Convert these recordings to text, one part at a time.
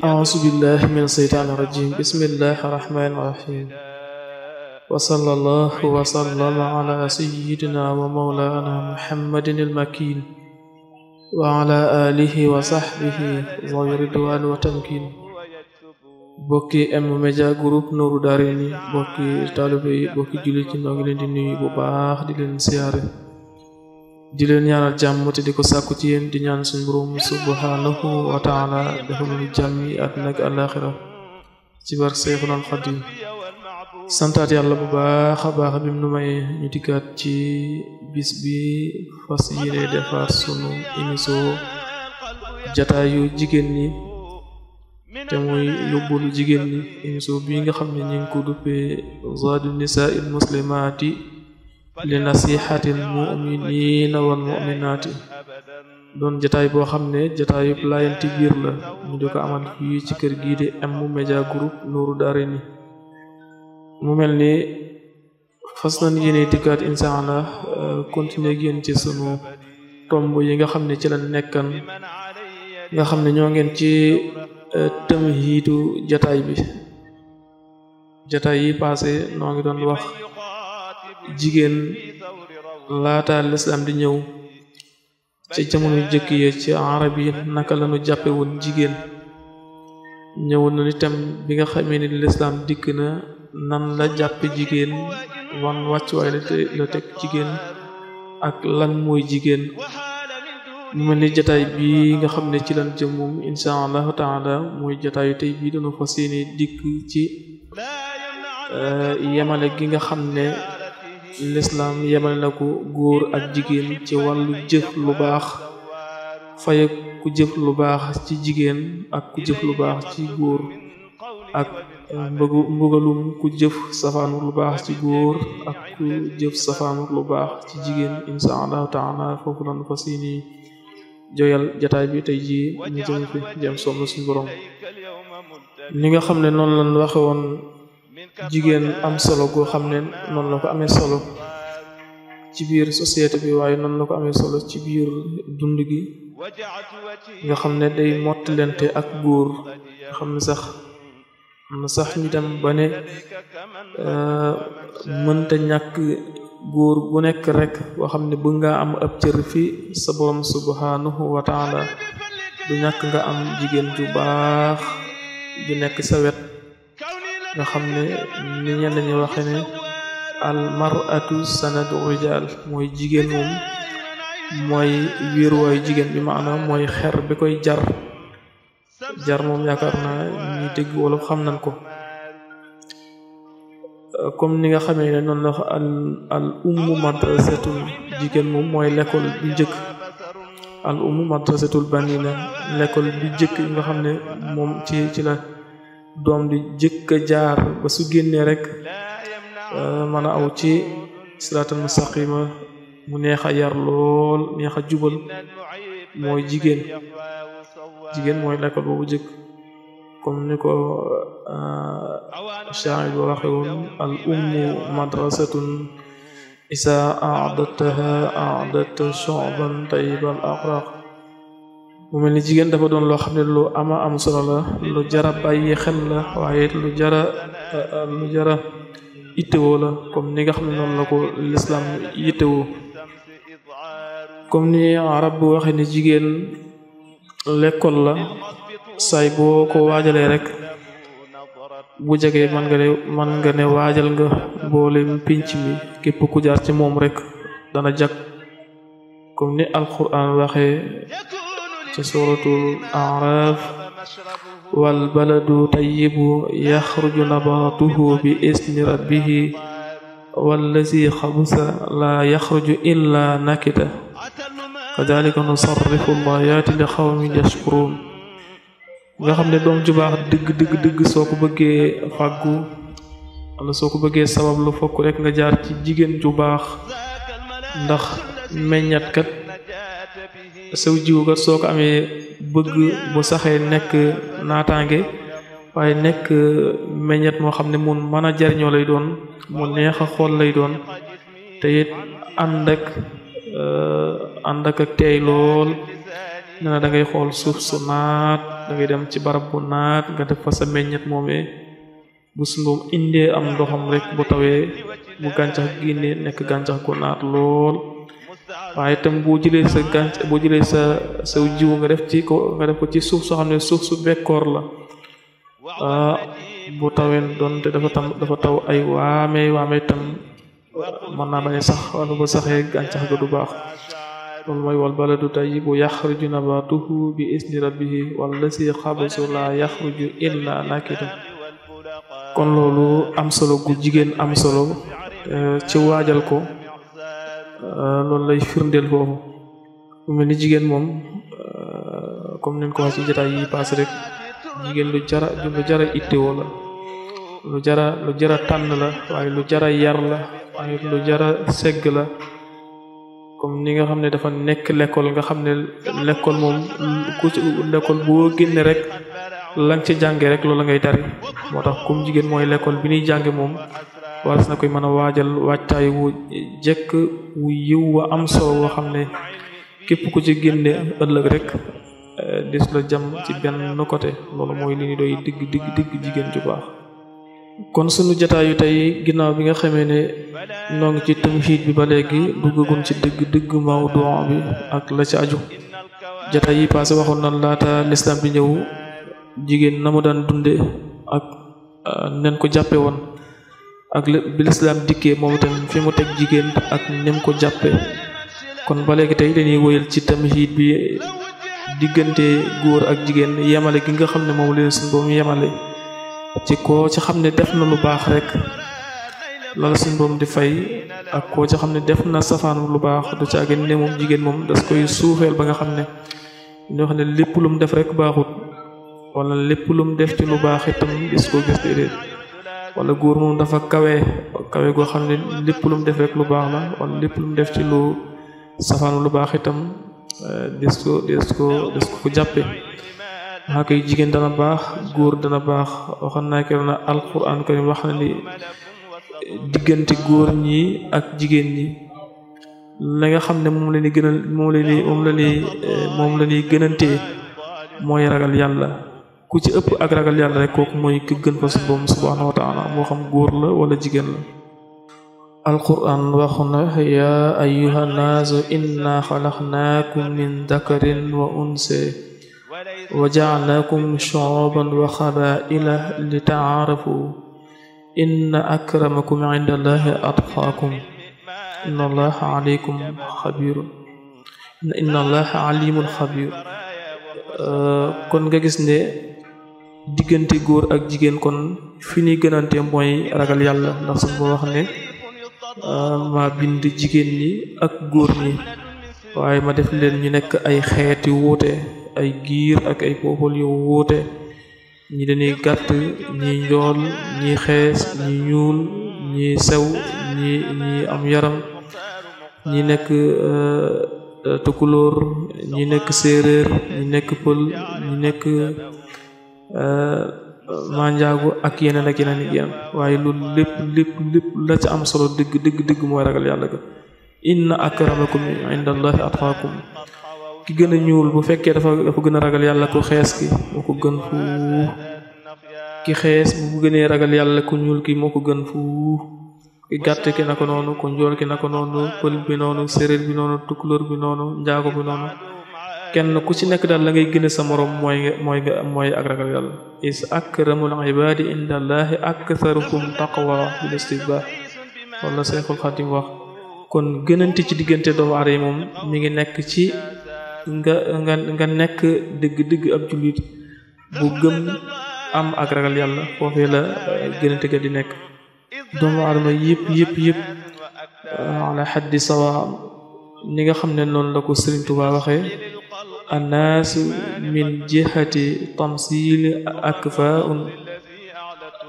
auusu billahi min seytaani rajiim bismillahi rahmaani rahiim wa sallallahu wa sallama ala sayyidina wa mawlaana muhammadin al-makiin wa ala aalihi wa sahbihi zawi ridwaan wa tamkiin bokki M-Media Group Nourou Darayni bokki taalibe yi bokki jullit yi noo ngi leen di nuyu bu baax di leen siyaare di leen ñaanal jàmm te di ko sàkku ci yéen di ñaan suñu borom subhanahu wa taala defal ñu jàmm yi àddina ak àllaaxira ci barke Seexul Xadiim santaat yàlla bu baax a baax bi mu nu may ñu dikkaat ci bis bi fas yéene defar sunu émission jataayu jigéen ñi te muy yóbbalu jigéen ñi émission bii nga xam ne ñu ngi ko duppee zaadu nisaa il muslimaati linasihatil muminina wal muminaati doon jataay boo xam ne jataayub laayanti biir la ñu di amal fii ci kër gii di M Media Group Nourou Darayni mu mel ni fas nañ yéene dikkaat insha Allah euh, continuer yéen ci sunu tomb yi nga xam ne ci la nekkan nga xam ne ñoo ngeen ci euh, tamhiidu jataay bi jataay yi passé noo ngi doon wax jigéen laata lislaam di ñëw ci jamono jëkk ya ci arab yi naka lañu jàppe woon jigéen ñëw na itam bi nga xamee ni lislaam dikk na nan la jàppe jigéen wan wàccuwaay la teg jigéen ak lan mooy jigéen mu mel ni jataay bi nga xam ne ci lan jëm moom insha allahu taala mooy jataayu tey bii dañu fas yéene dikk ci euh, yemale gi nga xam ne lislaam yemal na ko góor ak jigéen ci wàllu jëf lu baax faye ku jëf lu baax ci jigéen ak ku jëf lu baax ci góor ak mbëgg mbugalum ku jëf safaanu lu baax ci góor ak ku jëf safaanu lu baax ci jigéen insha allahu taala foofu lan fas yéene joyal jataay bi tey ji ñu jëm fi jëm sonn suñu ni nga xam ne noonu lan waxe woon jigéen am solo goo xam ne noonu la ko amee solo ci biir société bi waaye noonu la ko amee solo ci biir dund gi nga xam ne day mottalante ak góor nga xam ne sax am na sax ñu dem ba ne euh, mënta ñàkk góor bu nekk rek boo xam ne bëgg ngaa am ab cër fi sa borom subhanahu wa taala du ñàkk nga am jigéen ju baax ju nekk sa wet nga xam ne ni ñenn ñi waxe ne al mar'atu mooy jigéen moom mooy wéeruwaayu jigéen bi maanaam mooy xer bi koy jar jar moom yaakaar naa ñi dégg wala xam nañ ko comme ni nga xame ne noonu la al al ummu jigéen moom mooy l'école bu njëkk al ummu madrasatul banina l'école bu njëkk nga xam ne moom ci ci la doom di jëkk a jaar ba su génnee rek euh, mën aw ci siraatal mustaqima mu neex a yar lool neex a jubal mooy jigéen jigéen mooy l'école boobu jëkk comme ni ko euh, shaari ba waxe woon al ummu madrasatun isa adataha adata shoban tayiba al aqraq mu mel ni jigéen dafa doon loo xam ne lu ama am solo la lu jara bàyyi xel la waaye lu jara eh, lu jara ittewoo la comme ni nga xam ne noonu la ko lislaam ittewoo comme ni bu waxee ni jigéen lekkool la saay boo ko waajalee rek bu jege man nga ne man nga ne waajal nga mboolem pinc mi képp ku jaar ci moom rek dana jag comme ni alquran waxee ci suuratul A'raaf walbaladu tayyibu yaxruju nabaatuhu bi isni rabbihi wallazi xabusa laa yaxruju illaa nakida kadalika nusarrifu laayaati li qawmin yashkuruun nga xam ne doom ju baax dëgg dëgg soo ko bëggee fàggu wala soo ko bëggee sabab lu fokk rek nga jaar ci jigéen ju baax ndax meññatkat saw jiwu nga soo ko amee bëgg bu saxee nekk naataange waaye nekk meññet moo xam ne mun mën a jariñoo lay doon mu neex a xool lay doon te it ànd ak euh, ànd ak ak teey lool nee na xool suuf su naat da ngay dem ci barab bu naat nga def fa sa meññet moomee bu sungum indee am ndoxam rek bu tawee bu gàncax gi génnee nekk gàncax gu naat lool waaye itam boo jëlee sa gànc boo jëlee sa sa jiwu nga def ci ko ko ci suuf soo xam ne suuf su bekkoor la ah tawee doonte dafa tam dafa taw ay waamee waamee tam mën naa bañ sax wala ba saxee gàncax ga du baax loolu mooy wal baladu tayyibu yaxruju nabatuhu bi isni rabbihi wallazi xabasu laa yaxruju illa nakida kon loolu am solo gu jigéen am solo eh, ci waajal ko Euh, loolu lay firndeel foofu mu mel ni jigéen moom euh, comme ni ko wax ci jotaay yi paase rek jigéen lu jara lu jara ittewoo la lu jara lu jara tànn la waaye lu jara yar la waaye lu jara segg la comme ni nga xam ne dafa nekk lekkool nga xam ne lekkool moom ku ci lekkool boo génnee rek la nga ci jàngee rek loolu ngay tari moo tax comme jigéen mooy lekkool bi ñuy jànge moom waras na koy mën a waajal waajtaay wu jekk wu yiw wa am solo woo xam ne képp ku ci génne ëllëg rek eh, des la jam ci benn côté loolu mooy li ñu doy digg digg digg jigéen ju baax kon sunu jataayu tey ginnaaw bi nga xamee ne noo ngi ci xiit bi ba léegi duggagun ci digg digg mawdu bi ak la ci aju jataay yi passé waxoon na laata lislaam bi ñëw jigéen na mu daan dunde ak eh, nen ko jàppe woon ak bi lislaam dikkee moom itam fi mu teg jigéen ak nem ko jàppe kon ba léegi tey dañuy woyal ci tamit tamhid bi diggante góor ak jigéen yemale gi nga xam ne moom leen suñ boobu yemale ci koo ci xam ne def na lu baax rek lala suñ boobu di fay ak koo ci xam ne def na safaan lu baax du caagin ne moom jigéen moom das koy suufeel ba nga xam ne ñoo ne lépp lu mu def rek baaxut wala lépp lu def ci lu baax itam des ko gis déedéet wala góor moom dafa kawe kawe goo xam ne lépp lu mu def rek lu baax la wala lépp lu def ci lu safaanu lu baax itam euh, des ko des ko des ko ko jàppe waxaa koy jigéen dana baax góor dana baax waxoon naa ke na alquran karim wax na ni diggante góor ñi ak jigéen ñi la nga xam ne moom la ñuy gënal moom la ñuy moom la ñuy euh, moom gënantee mooy ragal yàlla ku ci ëpp ak ragal yàlla rek kooku mooy ki fa suñu borom xam góor la wala jigéen la alquran wax na yaa ayyuha naasu inna xalaqnaakum min dakarin wa unse wa jacalnaakum shuuban wa xabaa'ila li tacaarafu inna akramakum cinda allahi atqaakum inna allaha alaykum xabiir kon nga gis ne diggante góor ak jigéen kon fi ñuy gënante mooy ragal yàlla ndax suñ ko wax ne euh, ma bind jigéen ñi ak góor ñi waaye ma def leen ñu nekk ay xeet yu wuute ay giir ak ay pooxol yu wuute ñi dañuy gàtt ñi njool ñi xees ñi ñuul ñi sew ñi ñi am yaram ñi nekk euh, euh, tukulóor ñi nekk séeréer ñi nekk pël ñi nekk Euh, manjaago ak yeneen ak yeneen ak yeneen waaye loolu lépp lépp lépp am solo digg digg dëgg mooy ragal yàlla ga inna akramakum indallahi atqaakum ki gën a ñuul bu fekkee dafa dafa gën a ragal yàlla ku xees ki moo ko gën fuuf ki xees bu gënee ragal yàlla ku ñuul ki moo ko gën fuuf ki gàtt ki naka noonu ku njool ki naka noonu pël bi noonu séréer bi noonu tukulóor bi noonu njaago bi noonu kenn ku ci nekk daal la ngay gën sa morom mooy mooy nga mooy ak ragal yàlla is akramul ibadi inda allahi aktharukum taqwa bil istibah wala Seexul Xadim wax kon gënante ci diggante doomu aadama yi moom mi ngi nekk ci nga nekk dëgg-dëgg ab bu gëm am ak yàlla foofee la euh, gënante di nekk doomu aadama yëpp yëpp yëpp euh, ala xaddi sawa ni nga xam ne noonu la ko Sëriñ Tuubaa waxee annaasu min jihati tamsil akfaun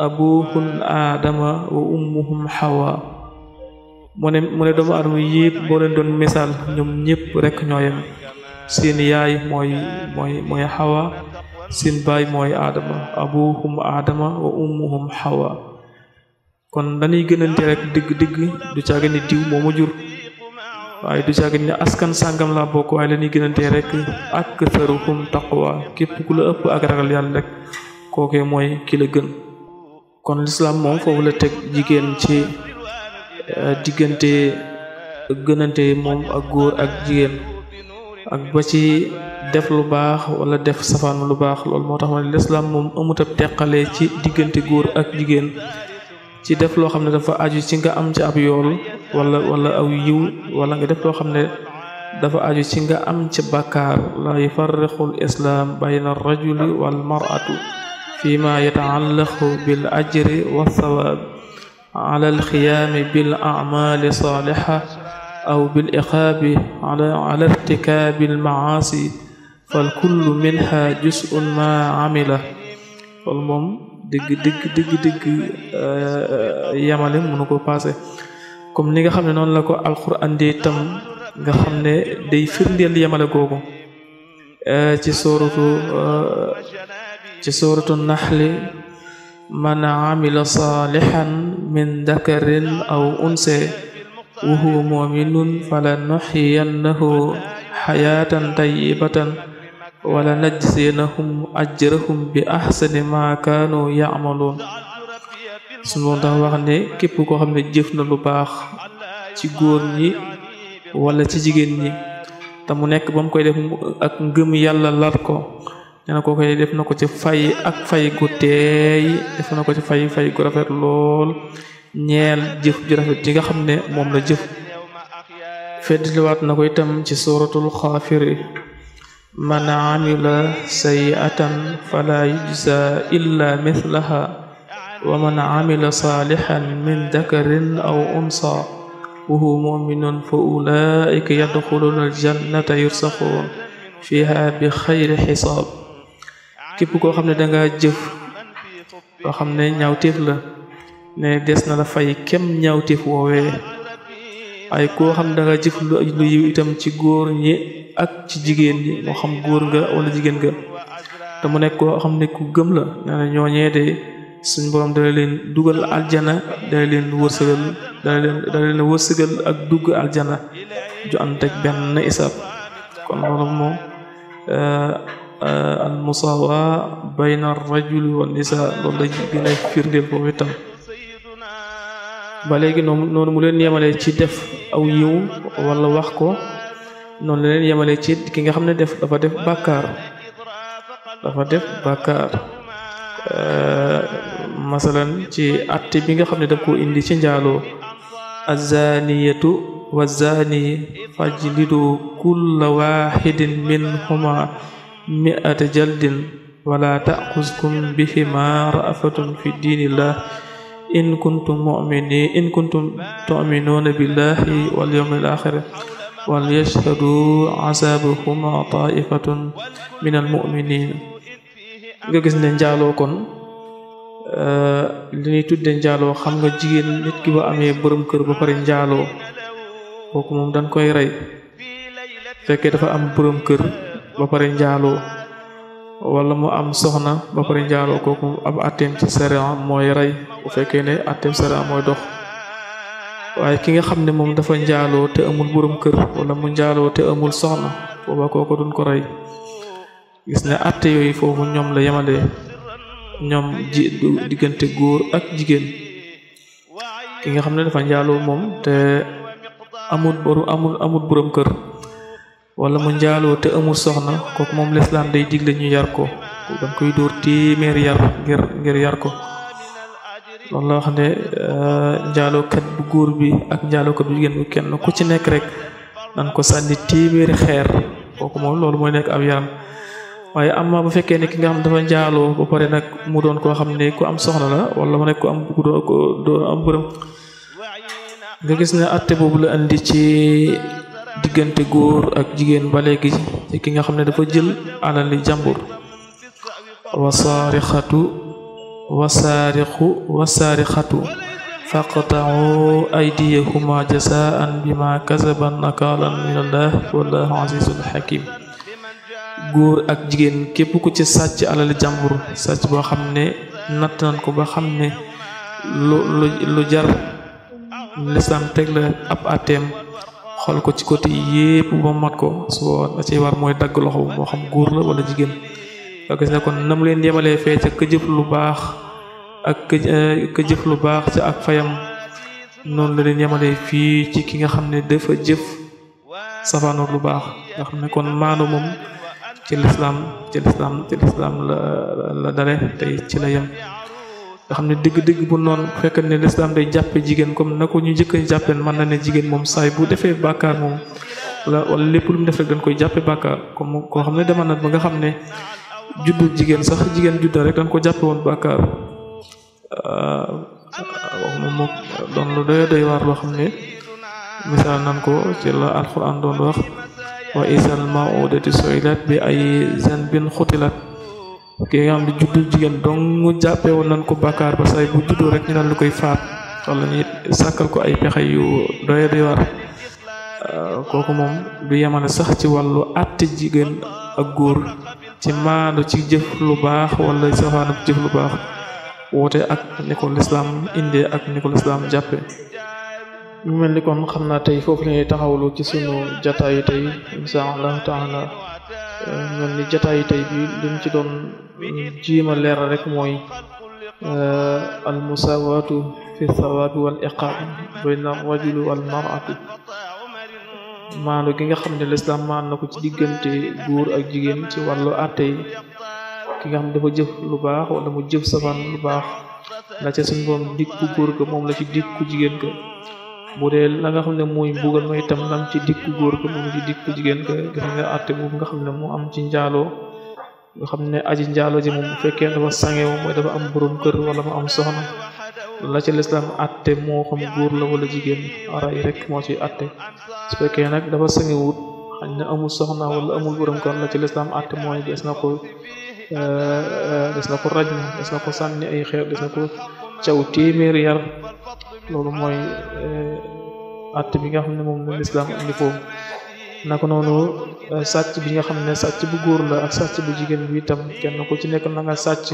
abuhun aadama wa ummuhum hawa mu ne doomu adama yëpp boo leen doon misaal ñoom ñëpp rekk ñoo yem seen yaay mooy mooy mooy seen baay mooy aadama abuhum aadama wa ummuhum hawa kon dañuy gënante rekk digg digg du caagani diw moo ma jur waaye du jàggit ne askan sàngam laa bokk waaye la ñuy gënantee rek ak tharuhum taqwa képp ku la ëpp ak ragal rek kookee mooy ki la gën kon lislaam moom la teg jigéen ci eh, diggante gënante moom ak góor ak jigéen ak ba ci def lu baax wala def safaan lu baax loolu moo tax ma ne lislaam moom amut ab teqale ci diggante góor ak jigéen ci def loo xam ne dafa aju ci nga am ci ab yool wala wala aw yiw wala nga def loo xam ne dafa aju ci nga am ci bakkaar la yufarriqul islaam bayna rajuli wal mar'atu fi ma yataallaqu bil ajri wa thawaab ala alxiyaami aw bil iqaabi ala ala minha jusun ma amila loolu moom digg digg digg digg eh, yamale mënu ko passé comme ni nga xam ne noonu la ko alquran di tam nga xam ne day firndeel yemale googu eh, ci sóoratu eh, naxli man amila saalixan min dakarin aw unse wa huwa muminun fala nuxiyannahu xayaatan tayibatan wala najziyannahum ajrahum bi axsani ma kaanu yacmaluun suñu moom dafa wax ne képp koo xam ne jëf na lu baax ci góor ñi wala ci jigéen ñi te mu nekk ba mu koy def ak ngëm yàlla lar ko nee na koy def na ko ci fay ak fay gu teey def na ko ci fay fay gu rafet lool ñeel jëf ju rafet ji nga xam ne moom la jëf feddliwaat na ko itam ci suratul xaafiri man amila sayiatan fala yujza illa mithlaha ومن عمل صالحا من ذكر أو أنثى وهو مؤمن فأولئك يدخلون الجنة يرزقون فيها بخير حساب képp koo xam ne danga jëf loo xam ne ñaawteef la ne des na la fay kem ñaawteef woowee waaye koo xam ne danga jëf lu yiw itam ci góor ñi ak ci jigéen ñi moo xam góor nga wala jigéen nga te mu nekk koo xam ne ku gëm la nee na ñooñee suñ borom dana leen dugal aljana dana leen wërsëgal dana leen wërsëgal ak dugg aljana ju ànd ak benn isaab kon loolu moom eh, al musawa bayna rajuli wa nisa loolu la firndeel foofu itam ba noonu mu leen yemalee ci def aw yiw wala wax ko noonu la leen yemale ci ki nga xam ne def dafa def bàkkaar dafa def bàkkaar eh, masalan ci atte bi nga xam ne daf indi ci njaaloo azaniyatu wa zani fajlidu kulla waxidin minhuma miata jaldin wala taxuskum bihima ra'fatun fi diinillah in in kuntum tu'minuuna billahi wal yawmil axir wal yashhadu azaabahuma taifatun minal mu'minin Euh, li ñuy tudde njaaloo xam nga jigéen nit ki ba amee borom kër ba pare njaaloo kooku moom dañ koy rey fekkee dafa am borom kër ba pare njaaloo wala mu am soxna ba pare njaaloo kooku ab atteem ci sariya mooy rey bu fekkee ne atteem sariya mooy dox waaye ki nga xam ne moom dafa njaaloo te amul borom kër wala mu njaaloo te amul soxna booba kooku duñ ko rey gis ne atte yooyu foofu ñoom la yemalee ñoom ji diggante góor ak jigéen ki nga xam ne dafa njaaloo moom te amul boru amul kër wala mu njaaloo te amul soxna kooku moom lislaam day digle ñu yar ko dañ koy dóor téeméer yar ngir yar ko loolu la wax ne euh, njaalookat bu góor bi ak njaalookat bu jigéen bi kenn ku ci nekk rek nan ko sànni téeméeri xeer kooku moom loolu mooy nekk ab yaram waaye amma bu fekkee ne ki nga xam ne dafa njaaloo ba pare nag mu doon koo xam ne ku am soxna la wala mu nekk ku am ku doon am bërëm nga gis ne atte boobu la andi ci diggante góor ak jigéen ba léegi ki nga xam ne dafa jël alali jàmbur wasaarixatu xatu wasaarixatu faqtau aydiyahuma jasaan bima kasaban nakaalan min allah wallahu azizun hakim góor ak jigéen képp ku ci sàcc alal jàmbur sàcc boo xam ne natt nañ ko ba xam ne lu lu lu jar lislaam teg la ab ateem xool ko ci côté yépp ba mat ko suba da ci war mooy dagg loxo moo xam góor la wala jigéen nga gis ne kon nam leen yemalee fee ca ka lu baax ak eh, ka jëf lu baax ca ak fayam noonu la leen yemalee fii ci ki nga xam ne dafa jëf safaanoor lu baax nga xam ne kon maanu moom ci lislaam ci lislaam la la dale tey ci la yem nga xam ne digg-digg bu noonu fekk ne lislaam day jàppe jigéen comme na ko ñu jëkk a man mën na ne jigéen moom saay bu defee bàkkaar moom la lépp lu mu def rek dañ koy jàppe bàkkaar comme koo xam ne demal na ba nga xam ne juddu jigéen sax jigéen judda rek dañ ko jàppe woon bàkkaar ah, wax moom moo doon lu doy waar loo xam ne misaal nan ko ci la alxuraan doon wax wa isal mawudatu su'ilat bi ay zanbin xutilat ki nga xam ne juddu jigéen dong jàppe woon nañ ko bàkkaar ba say bu juddu rek ñu naan lu koy faat wala ñu sàkkal ko ay pexe yu doye di war kooku moom du yemale sax ci wàllu àtte jigéen ak góor ci maandu ci jëf lu baax wala safaanab jëf lu baax woote ak ni ko lislaam indee ak ni ko lislaam jàppe mu mel ni kon xam naa tey foofu la ñuy taxawlu ci sunu jataayu tey insha allah taala mel ni jataayu tey bi lim ci doon jiima leeral rek mooy eh, al musawatu fi thawabi wal iqaab bayna rajuli wal mar'ati maandu gi nga xam ne lislaam maan na ko ci diggante góor ak jigéen ci wàllu àtte yi ki nga xam ne dafa jëf lu baax wala mu jëf safaan lu baax la ca suñ boom dikku góor ga moom la ci dikku jigéen ga bu de la nga xam ne mooy mbugal ma itam lam ci dikk góor ko moom ci dikk jigéen ka gis nga nga xam ne moo am ci njaaloo nga xam ne aji njaalo ji moom bu fekkee dafa sange moom am borom kër wala mu am soxna la ci lislaam àtte moo xam góor la wala jigéen ray moo ci àtte su fekkee nag dafa sange wut xañ na amul soxna wala amul borom kër la ci lislaam àtte mooy des na ko euh, euh, des na ko raj des na ko sànni ay xeer des na ko caw téeméer yar loolu mooy att eh, bi nga xam ne moom la lislaam indi foofu naka noonu eh, sàcc bi nga xam ne sàcc bu góor la ak sàcc bu jigéen bi itam kenn ko ci nekk na nga sàcc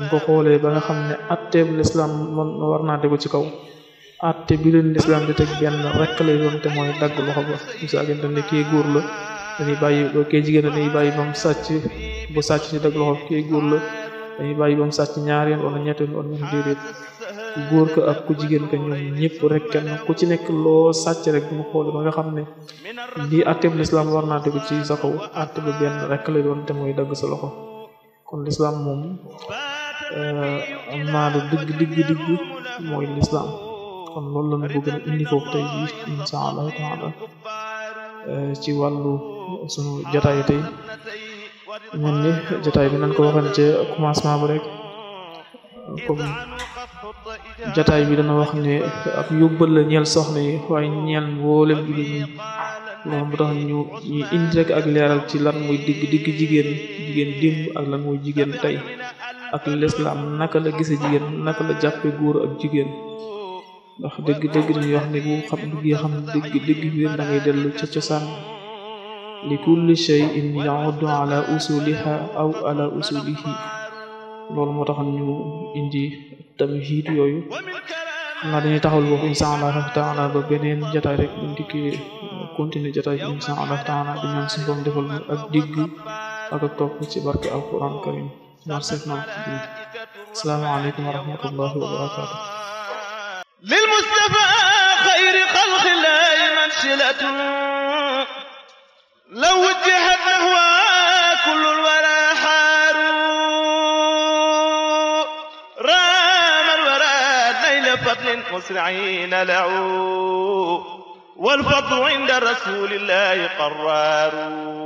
ñu ko xoolee ba nga xam ne atte bu lislaam man war naa tegu ci kaw atte bi leen lislaam di teg benn rek lay doon mooy dagg loxo ba misaagante ne kii góor la dañuy bàyyi kii jigéen dañuy bàyyi ba sàcc bu sàcc ci dagg loxo kii góor la dañuy bàyyi ba sàcc ñaar yoon wala ñett yoon ku góor ko ak ku jigéen ko ñoom ñëpp rek kenn ku ci nekk loo sàcc rek mu xool ba nga xam ne lii atteb lislaam war naa tegu ci sa kaw atte bi te mooy dagg sa loxo kon lislaam moom euh, maado digg digg digg mooy lislaam kon loolu la ñu bëgg a indi foofu tey jii euh, ci wallu sunu jotaay tey mel ni jotaay bi nañ ko waxoon ci commencement bu rek jataay bi dana wax ne ab yóbbal la ñeel soxna yi waaye ñeel mboolem jullit ñi loolu mu tax ñu ñu indi rek ak leeral ci lan mooy digg digg jigéen jigéen démb ak lan mooy jigéen tey ak lislaam naka la gise jigéen naka la jàppe góor ak jigéen ndax dëgg dëgg dañuy wax ne bu xam duggee xam dëgg dëgg mbir da ngay dellu ca cosaan li kulli shay'in ya'udu ala usuliha aw ala usulihi loolu moo taxoon ñu indi tamhid yooyu xam naa dañuy taxawal boobu insha allah taala ba beneen jotaay rek buñ dikkee continuer jotaay bi insha allah taala di ñaan suñu borom defal ñu ak digg ak ak topp ci barke alquran karim mar sef na asalaamaaleykum wa rahmatullahi wa barakatuh lil mustafa xayri xalqi laahi mansilatun law wajjahat nahwa kullu مسرعين لعوا والفضل عند رسول الله قرار